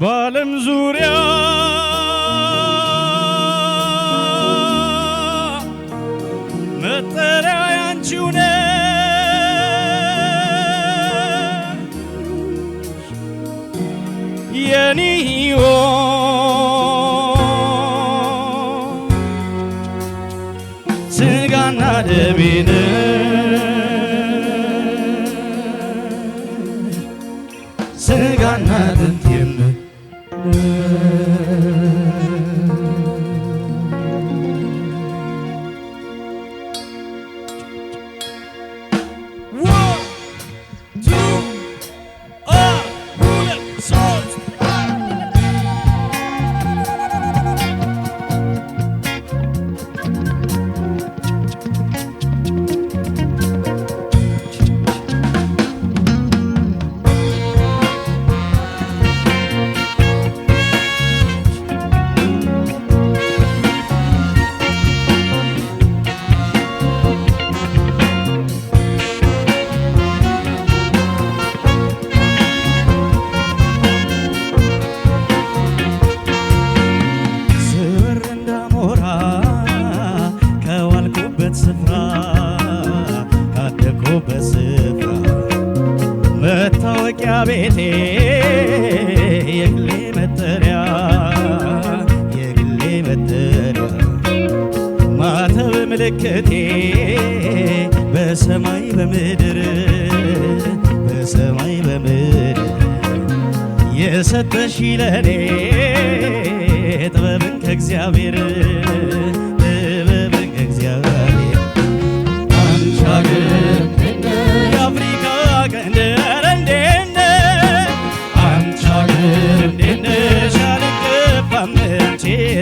በዓለም ዙሪያ መጠሪያ ያንቺው ነሽ የኔ መታወቂያ ቤቴ የግሌ መጠሪያ የግሌ መጠሪያ ማተብ ምልክቴ በሰማይ በምድር በሰማይ በምድር የሰጠሽ ለኔ ጥበብን ከእግዚአብሔር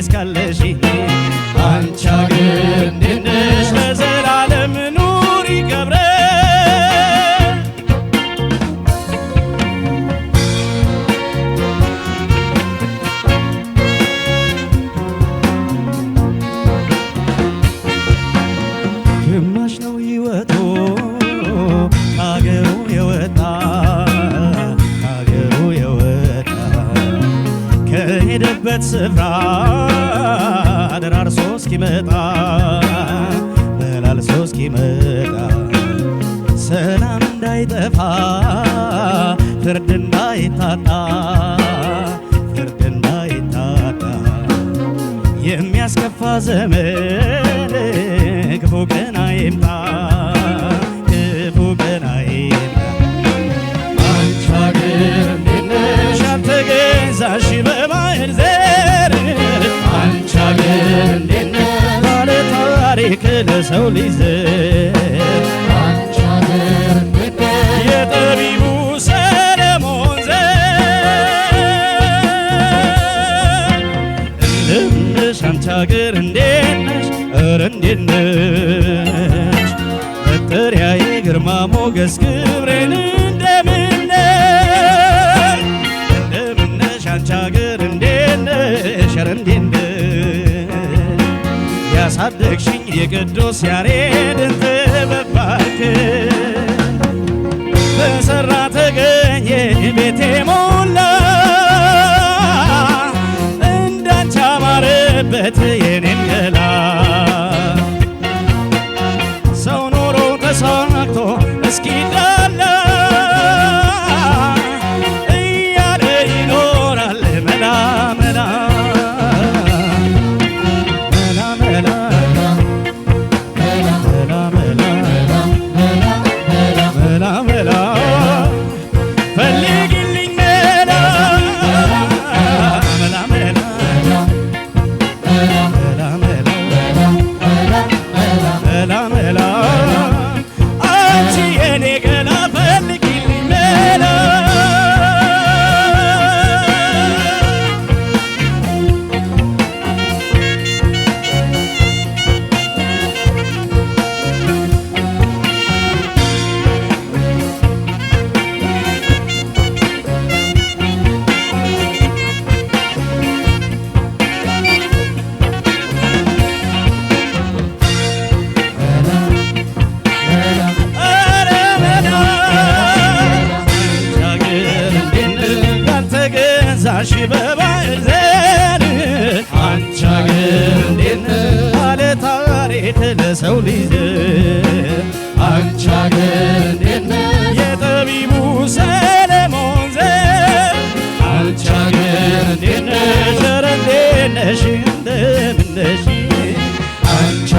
እስካለሽ አንቺ አገር እንዴት ለዘላለም ኑሪ ገብረ ግማሽ ነው ይወቶ አገሩ የወጣ አገሩ የወጣ ከሄደበት ስፍራ ሊዘ የጠቢቡ ሰለሞን ዘር እንደምነሽ አንቺ እንዴት ነሽ? ኧረ እንዴት ነሽ? መጠሪያዬ ግርማ ሞገስ የቅዱስ ያሬድን ጥበብ ባርክ በሰራ ተገኘ ቤቴ ሞላ እንዳንቺ አማረበት የኔን ገላ ሰው ኖሮ ተሳክቶ እስኪ እንዴት ለሰው ልጅ አንቺ አገር የጠቢቡ ሰለሞን ዘር አንቺ አገር እንዴት እንደምነሽ አንቺ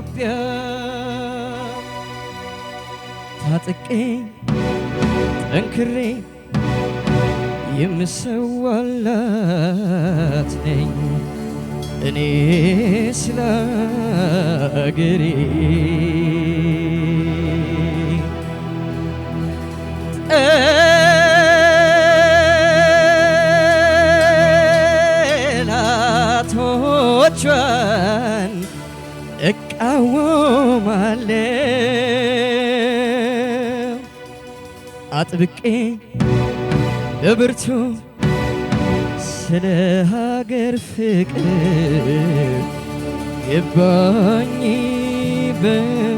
ኢትዮጵያ ታጥቄ ጠንክሬ የምሰዋላት ነኝ እኔ ስለ አገሬ ጠላቶቿን እቃወማለሁ አጥብቄ በብርቱ ስለ ሀገር ፍቅር ገባኝ በእውነቱ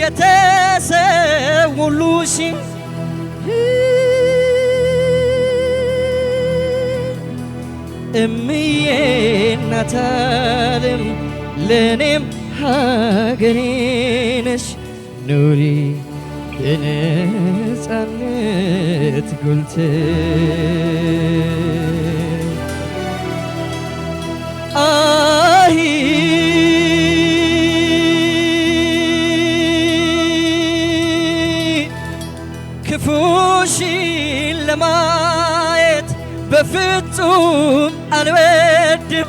የተሰውሉሽ እምዬ እናተ ዓለም ለእኔም ሀገሬ ነሽ። ኑሪ በነፃነት ጎልተሽ ሞሽን ለማየት በፍጹም አልወድም።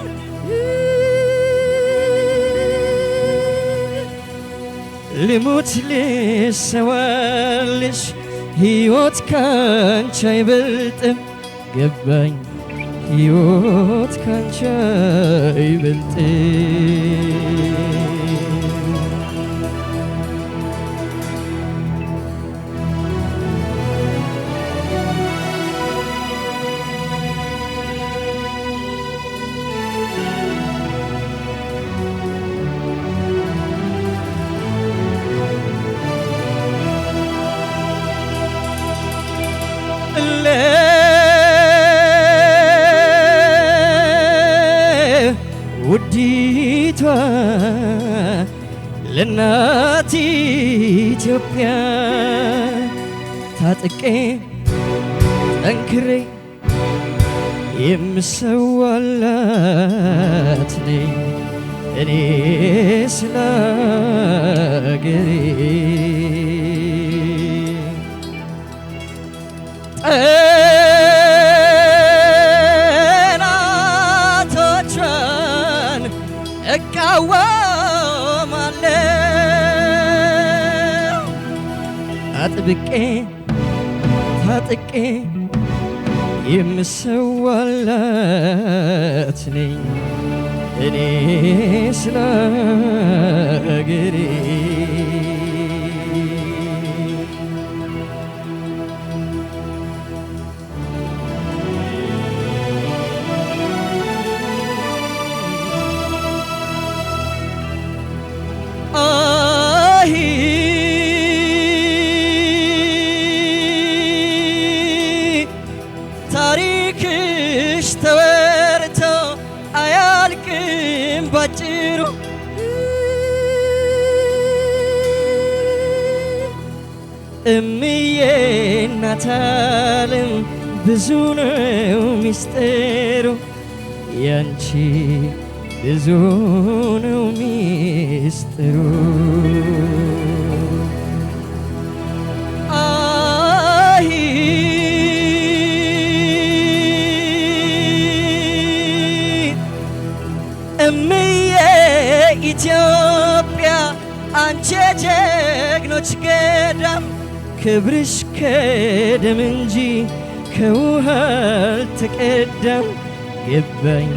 ልሙት ልሰዋልሽ ሕይወት ካንቺ አይበልጥም። ገባኝ ሕይወት ካንቺ አይበልጥም። ለናት ኢትዮጵያ ታጥቄ ጠንክሬ የምሰዋላት ነኝ እኔ ስለ አገሬ a woman አጥብቄ ታጥቄ የምሰዋላት ነኝ እኔ ስለ እግሬ አልም ብዙ ነው ሚስጥሩ ያንቺ ብዙ ነው ሚስጥሩ ክብርሽ ከደም እንጂ ከውሃ አልተቀዳም ገባኝ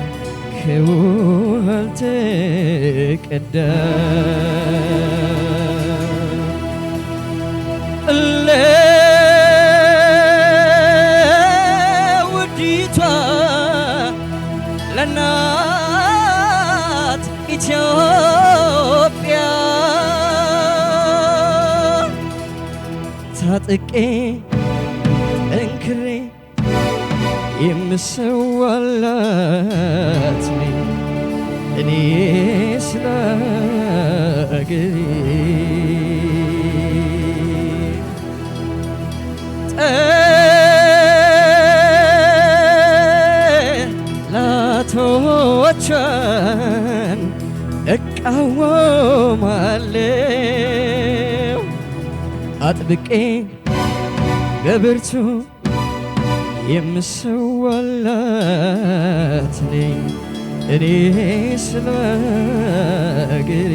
ከውሃ አልተቀዳም ለውዲቷ ለእናት ኢትዮጵያ ታጥቄ ጠንክሬ የምሰዋላት እኔ ስለ እግሬ ጠላቶቿን እቃወማለሁ አጥብቄ በብርቱ የምስዋለት ነኝ እኔ ስለ እግሬ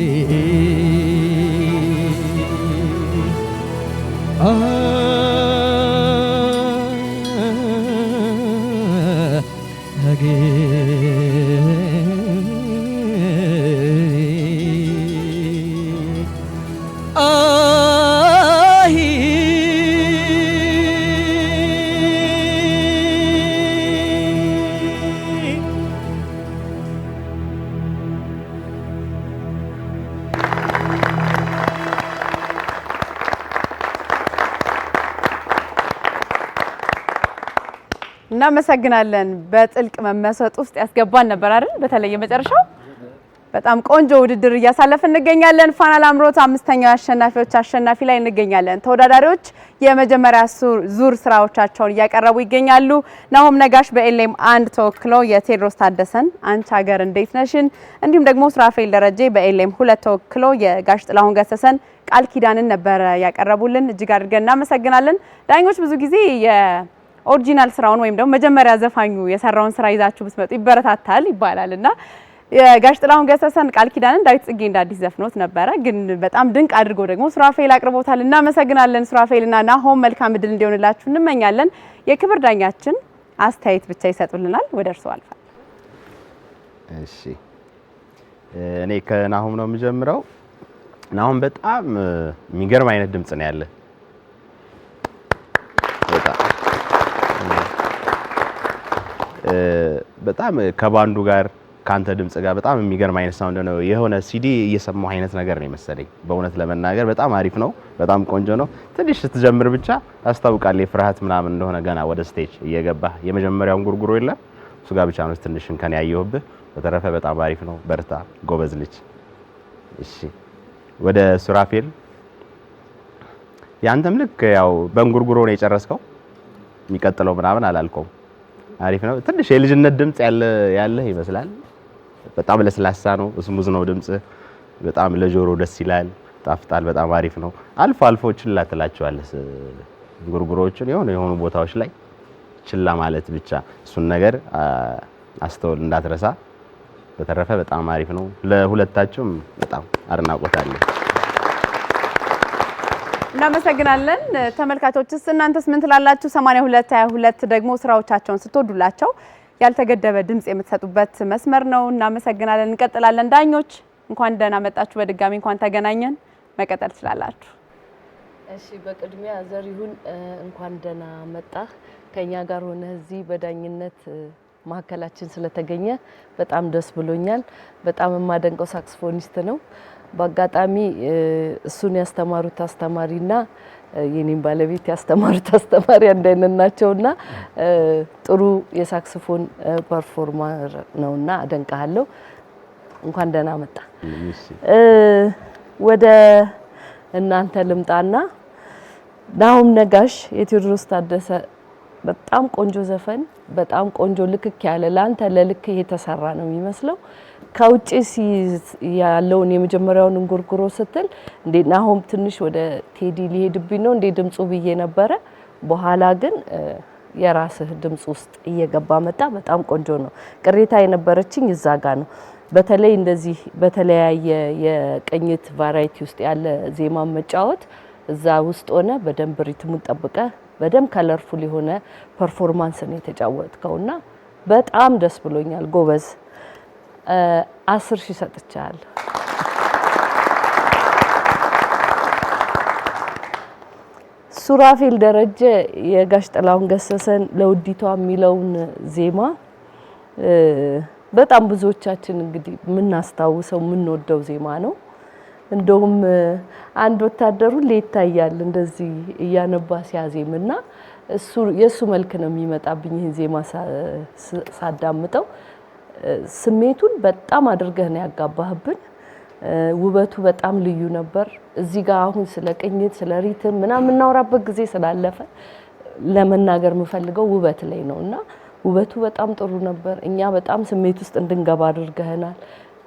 እናመሰግናለን። በጥልቅ መመሰጥ ውስጥ ያስገባን ነበር አይደል? በተለይ የመጨረሻው በጣም ቆንጆ ውድድር እያሳለፍ እንገኛለን። ፋና ላምሮት አምስተኛው አሸናፊዎች አሸናፊ ላይ እንገኛለን። ተወዳዳሪዎች የመጀመሪያ ዙር ስራዎቻቸውን እያቀረቡ ይገኛሉ። ናሆም ነጋሽ በኤልኤም አንድ ተወክለው የቴድሮስ ታደሰን አንቺ ሀገር እንዴት ነሽን፣ እንዲሁም ደግሞ ስራፌል ደረጀ በኤልኤም ሁለት ተወክለው የጋሽ ጥላሁን ገሰሰን ቃል ኪዳንን ነበረ ያቀረቡልን። እጅግ አድርገን እናመሰግናለን። ዳኞች ብዙ ጊዜ ኦሪጂናል ስራውን ወይም ደግሞ መጀመሪያ ዘፋኙ የሰራውን ስራ ይዛችሁ ብትመጡ ይበረታታል ይባላል እና የጋሽ ጥላሁን ገሰሰን ቃል ኪዳንን ዳዊት ጽጌ እንደ አዲስ ዘፍኖት ነበረ። ግን በጣም ድንቅ አድርጎ ደግሞ ሱራፌል አቅርቦታል። እናመሰግናለን ሱራፌልና ናሆም። መልካም እድል እንዲሆንላችሁ እንመኛለን። የክብር ዳኛችን አስተያየት ብቻ ይሰጡልናል። ወደ እርስዎ አልፋል። እሺ እኔ ከናሆም ነው የምጀምረው። ናሆም በጣም የሚገርም አይነት ድምጽ ነው ያለ በጣም ከባንዱ ጋር ከአንተ ድምጽ ጋር በጣም የሚገርም አይነት ሳውንድ ነው። የሆነ ሲዲ እየሰማሁ አይነት ነገር ነው የመሰለኝ። በእውነት ለመናገር በጣም አሪፍ ነው፣ በጣም ቆንጆ ነው። ትንሽ ስትጀምር ብቻ ታስታውቃለህ የፍርሃት ምናምን እንደሆነ ገና ወደ ስቴጅ እየገባ የመጀመሪያውን ጉርጉሮ የለም እሱ ጋር ብቻ ነው ትንሽ እንከን ያየሁብህ። በተረፈ በጣም አሪፍ ነው። በርታ ጎበዝ ልጅ። እሺ ወደ ሱራፌል ያንተም ልክ ያው በእንጉርጉሮ ነው የጨረስከው። የሚቀጥለው ምናምን አላልከውም አሪፍ ነው። ትንሽ የልጅነት ድምፅ ያለህ ይመስላል። በጣም ለስላሳ ነው፣ ስሙዝ ነው ድምፅ። በጣም ለጆሮ ደስ ይላል፣ ጣፍጣል። በጣም አሪፍ ነው። አልፎ አልፎ ችላ ትላቸዋለህ ጉርጉሮዎችን የሆኑ የሆኑ ቦታዎች ላይ ችላ ማለት ብቻ እሱን ነገር አስተውል እንዳትረሳ። በተረፈ በጣም አሪፍ ነው። ለሁለታችሁም በጣም አድናቆት አለን። እናመሰግናለን። ተመልካቾችስ እናንተስ ምን ትላላችሁ? 8222 ደግሞ ስራዎቻቸውን ስትወዱላቸው ያልተገደበ ድምጽ የምትሰጡበት መስመር ነው። እናመሰግናለን። እንቀጥላለን። ዳኞች እንኳን ደህና መጣችሁ። በድጋሚ እንኳን ተገናኘን። መቀጠል ትችላላችሁ። እሺ፣ በቅድሚያ ዘሪሁን እንኳን ደህና መጣህ። ከኛ ጋር ሆነ እዚህ በዳኝነት መሀከላችን ስለተገኘ በጣም ደስ ብሎኛል። በጣም የማደንቀው ሳክስፎኒስት ነው። በአጋጣሚ እሱን ያስተማሩት አስተማሪና የኔም ባለቤት ያስተማሩት አስተማሪ አንድ አይነት ናቸውና ጥሩ የሳክስፎን ፐርፎርመር ነውና አደንቀሃለሁ። እንኳን ደህና መጣ። ወደ እናንተ ልምጣና ናሁም ነጋሽ የቴዎድሮስ ታደሰ በጣም ቆንጆ ዘፈን፣ በጣም ቆንጆ ልክክ ያለ ለአንተ ለልክ የተሰራ ነው የሚመስለው። ከውጭ ያለውን የመጀመሪያውን እንጉርጉሮ ስትል እንዴ ናሆም ትንሽ ወደ ቴዲ ሊሄድብኝ ነው እንዴ ድምፁ ብዬ ነበረ። በኋላ ግን የራስህ ድምፅ ውስጥ እየገባ መጣ። በጣም ቆንጆ ነው። ቅሬታ የነበረችኝ እዛ ጋ ነው። በተለይ እንደዚህ በተለያየ የቅኝት ቫራይቲ ውስጥ ያለ ዜማ መጫወት እዛ ውስጥ ሆነ በደንብ ሪትሙን ጠብቀ በደም ከለርፉል የሆነ ፐርፎርማንስ ነው እና በጣም ደስ ብሎኛል። ጎበዝ አስር ሺህ ሰጥቻል። ሱራፌል ደረጀ የጋሽ ጥላሁን ገሰሰን ለውዲቷ የሚለውን ዜማ በጣም ብዙዎቻችን እንግዲህ የምናስታውሰው የምንወደው ዜማ ነው። እንደውም አንድ ወታደሩ ይታያል እንደዚህ እያነባ ሲያዜም እና እሱ የእሱ መልክ ነው የሚመጣብኝ። ይህን ዜማ ሳዳምጠው ስሜቱን በጣም አድርገህ ነው ያጋባህብን። ውበቱ በጣም ልዩ ነበር። እዚህ ጋር አሁን ስለ ቅኝት ስለ ሪትም ምናምን የምናወራበት ጊዜ ስላለፈ ለመናገር የምፈልገው ውበት ላይ ነው እና ውበቱ በጣም ጥሩ ነበር። እኛ በጣም ስሜት ውስጥ እንድንገባ አድርገህናል።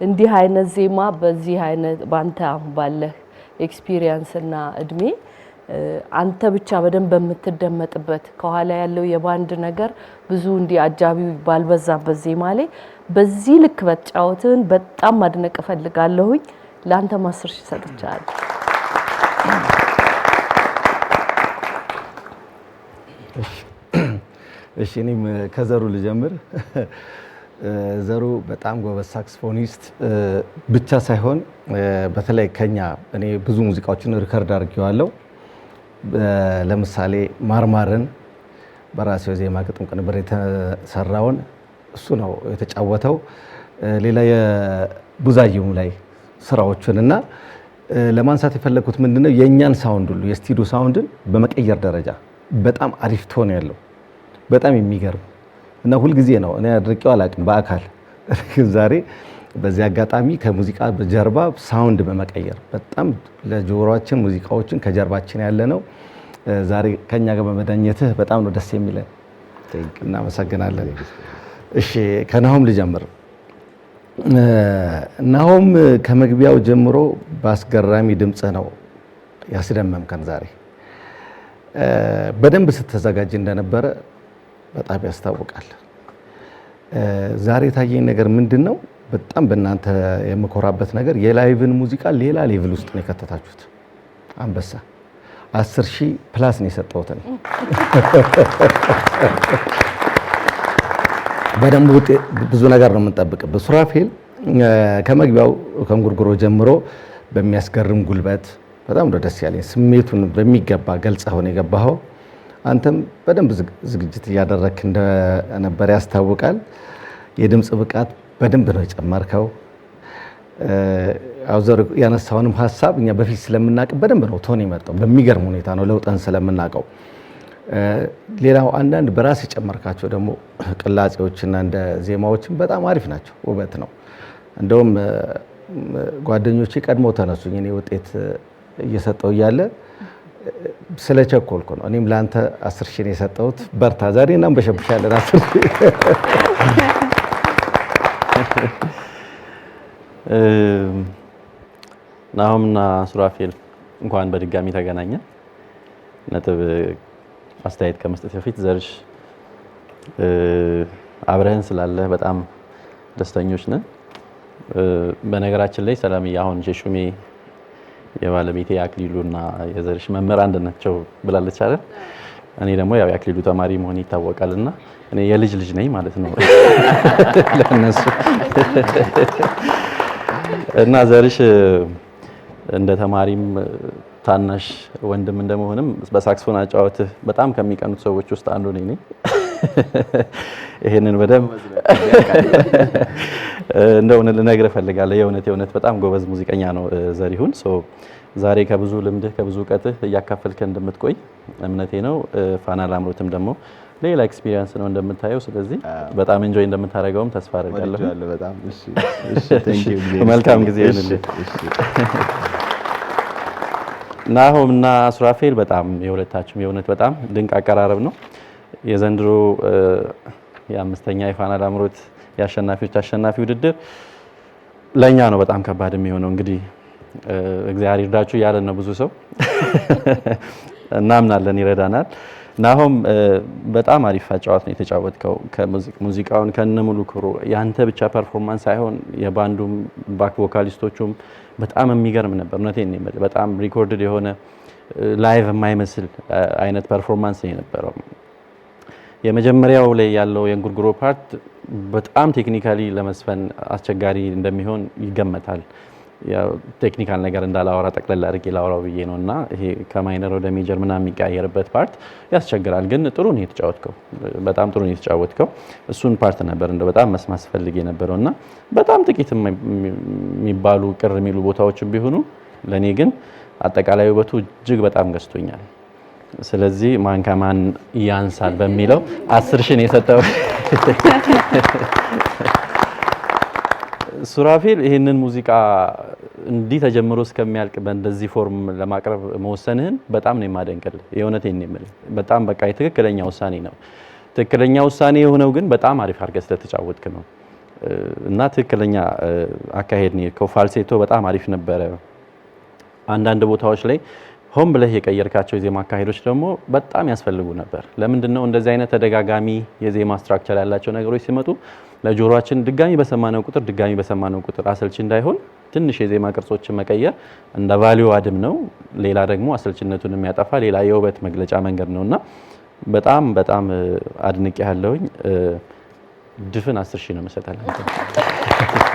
እንዲህ አይነት ዜማ በዚህ አይነት በአንተ አሁን ባለህ ኤክስፒሪየንስና እድሜ አንተ ብቻ በደንብ በምትደመጥበት ከኋላ ያለው የባንድ ነገር ብዙ እንዲህ አጃቢው ባልበዛበት ዜማ ላይ በዚህ ልክ በጫወትን በጣም ማድነቅ እፈልጋለሁኝ። ለአንተ ማስር ሺህ ሰጥቻለሁ። እሺ እኔም ከዘሩ ልጀምር። ዘሩ በጣም ጎበዝ ሳክስፎኒስት ብቻ ሳይሆን በተለይ ከኛ እኔ ብዙ ሙዚቃዎችን ሪከርድ አድርጌዋለሁ። ለምሳሌ ማርማርን በራሴው ዜማ ግጥም ቅንብር የተሰራውን እሱ ነው የተጫወተው። ሌላ የቡዛዩም ላይ ስራዎችን እና ለማንሳት የፈለግኩት ምንድነው የእኛን ሳውንድ ሁሉ የስቱዲዮ ሳውንድን በመቀየር ደረጃ በጣም አሪፍ ትሆነ ያለው በጣም የሚገርም እና ሁልጊዜ ነው እኔ አድርቄው አላውቅም በአካል ዛሬ በዚህ አጋጣሚ ከሙዚቃ በጀርባ ሳውንድ በመቀየር በጣም ለጆሮችን ሙዚቃዎችን ከጀርባችን ያለ ነው። ዛሬ ከኛ ጋር በመዳኘትህ በጣም ነው ደስ የሚለን። እናመሰግናለን። እሺ ከናሆም ልጀምር። ናሆም ከመግቢያው ጀምሮ በአስገራሚ ድምጽ ነው ያስደመምከን። ዛሬ በደንብ ስትዘጋጅ እንደነበረ በጣም ያስታውቃል። ዛሬ የታየኝ ነገር ምንድን ነው? በጣም በእናንተ የምኮራበት ነገር የላይቭን ሙዚቃ ሌላ ሌቭል ውስጥ ነው የከተታችሁት። አንበሳ አስር ሺህ ፕላስ ነው የሰጠውትን በደንብ ውጤት ብዙ ነገር ነው የምንጠብቅበት። ሱራፌል ከመግቢያው ከንጉርጉሮ ጀምሮ በሚያስገርም ጉልበት በጣም ደስ ያለኝ ስሜቱን በሚገባ ገልጸ ነው የገባኸው። አንተም በደንብ ዝግጅት እያደረክ እንደነበር ያስታውቃል። የድምፅ ብቃት በደንብ ነው የጨመርከው። አውዘር ያነሳውንም ሀሳብ እኛ በፊት ስለምናውቅ በደንብ ነው ቶን የመጣው። በሚገርም ሁኔታ ነው ለውጠን ስለምናውቀው። ሌላው አንዳንድ በራስ የጨመርካቸው ደግሞ ቅላጼዎችና እንደ ዜማዎችን በጣም አሪፍ ናቸው፣ ውበት ነው። እንደውም ጓደኞቼ ቀድሞ ተነሱኝ እኔ ውጤት እየሰጠው እያለ ስለቸኮልኩ ነው። እኔም ለአንተ አስር ሺህ ነው የሰጠሁት። በርታ። ዛሬ እናም በሸብሻለን አስር ሺህ ናሆምና ሱራፌል እንኳን በድጋሚ ተገናኘ። ነጥብ አስተያየት ከመስጠት በፊት ዘርሽ አብረህን ስላለህ በጣም ደስተኞች ነን። በነገራችን ላይ ሰላምዬ አሁን ሼሹሜ የባለቤቴ የአክሊሉና የዘርሽ መምህር አንድ ናቸው ብላለች አይደል? እኔ ደግሞ ያው የአክሊሉ ተማሪ መሆን ይታወቃል እና እኔ የልጅ ልጅ ነኝ ማለት ነው ለእነሱ እና ዘርሽ እንደ ተማሪም ታናሽ ወንድም እንደመሆንም በሳክስፎን አጫወትህ በጣም ከሚቀኑት ሰዎች ውስጥ አንዱ ነኝ ነኝ ይሄንን በደንብ እንደው ልነግር እፈልጋለሁ። የእውነት የእውነት በጣም ጎበዝ ሙዚቀኛ ነው ዘሪሁን። ዛሬ ከብዙ ልምድህ ከብዙ እውቀትህ እያካፈልከ እንደምትቆይ እምነቴ ነው። ፋና ላምሮትም ደግሞ ሌላ ኤክስፒሪየንስ ነው እንደምታየው። ስለዚህ በጣም ኢንጆይ እንደምታደርገውም ተስፋ አደርጋለሁ። መልካም ጊዜ ይሁንልህ። ናሆም እና ሱራፌል በጣም የሁለታችሁም የእውነት በጣም ድንቅ አቀራረብ ነው። የዘንድሮ የአምስተኛ የፋና ላምሮት የአሸናፊዎች አሸናፊ ውድድር ለእኛ ነው በጣም ከባድ የሚሆነው። እንግዲህ እግዚአብሔር ይርዳችሁ እያለን ነው ብዙ ሰው እናምናለን፣ ይረዳናል። ናሆም በጣም አሪፍ አጫዋት ነው የተጫወትከው። ሙዚቃውን ከነ ሙሉ ክሩ ያንተ ብቻ ፐርፎርማንስ ሳይሆን የባንዱም ባክ ቮካሊስቶቹም በጣም የሚገርም ነበር። እውነቴን በጣም ሪኮርድድ የሆነ ላይቭ የማይመስል አይነት ፐርፎርማንስ ነው የነበረው። የመጀመሪያው ላይ ያለው የእንጉርጉሮ ፓርት በጣም ቴክኒካሊ ለመስፈን አስቸጋሪ እንደሚሆን ይገመታል። ቴክኒካል ነገር እንዳላወራ ጠቅለል አድርጌ ላወራው ብዬ ነው እና ይሄ ከማይነር ወደ ሜጀር ምናምን የሚቀያየርበት ፓርት ያስቸግራል። ግን ጥሩ ነው የተጫወትከው፣ በጣም ጥሩ ነው የተጫወትከው። እሱን ፓርት ነበር እንደ በጣም መስማት ስፈልግ የነበረው እና በጣም ጥቂት የሚባሉ ቅር የሚሉ ቦታዎች ቢሆኑ ለእኔ ግን አጠቃላይ ውበቱ እጅግ በጣም ገዝቶኛል። ስለዚህ ማን ከማን ያንሳል በሚለው አስር ሺህ ነው የሰጠው። ሱራፌል ይህንን ሙዚቃ እንዲህ ተጀምሮ እስከሚያልቅ በእንደዚህ ፎርም ለማቅረብ መወሰንህን በጣም ነው የማደንቅልህ። የእውነቴን ነው የምልህ። በጣም በቃ የትክክለኛ ውሳኔ ነው። ትክክለኛ ውሳኔ የሆነው ግን በጣም አሪፍ አድርገህ ስለተጫወትክ ነው። እና ትክክለኛ አካሄድ ነው ፋልሴቶ በጣም አሪፍ ነበረ። አንዳንድ ቦታዎች ላይ ሆን ብለህ የቀየርካቸው የዜማ አካሄዶች ደግሞ በጣም ያስፈልጉ ነበር። ለምንድን ነው እንደዚህ አይነት ተደጋጋሚ የዜማ ስትራክቸር ያላቸው ነገሮች ሲመጡ ለጆሮችን ድጋሚ በሰማነው ቁጥር ድጋሚ በሰማነው ቁጥር አሰልች እንዳይሆን ትንሽ የዜማ ቅርጾችን መቀየር እንደ ቫሊዮ አድም ነው። ሌላ ደግሞ አሰልችነቱን የሚያጠፋ ሌላ የውበት መግለጫ መንገድ እና በጣም በጣም አድንቅ ያለውኝ ድፍን አስር ሺህ ነው መሰጠለ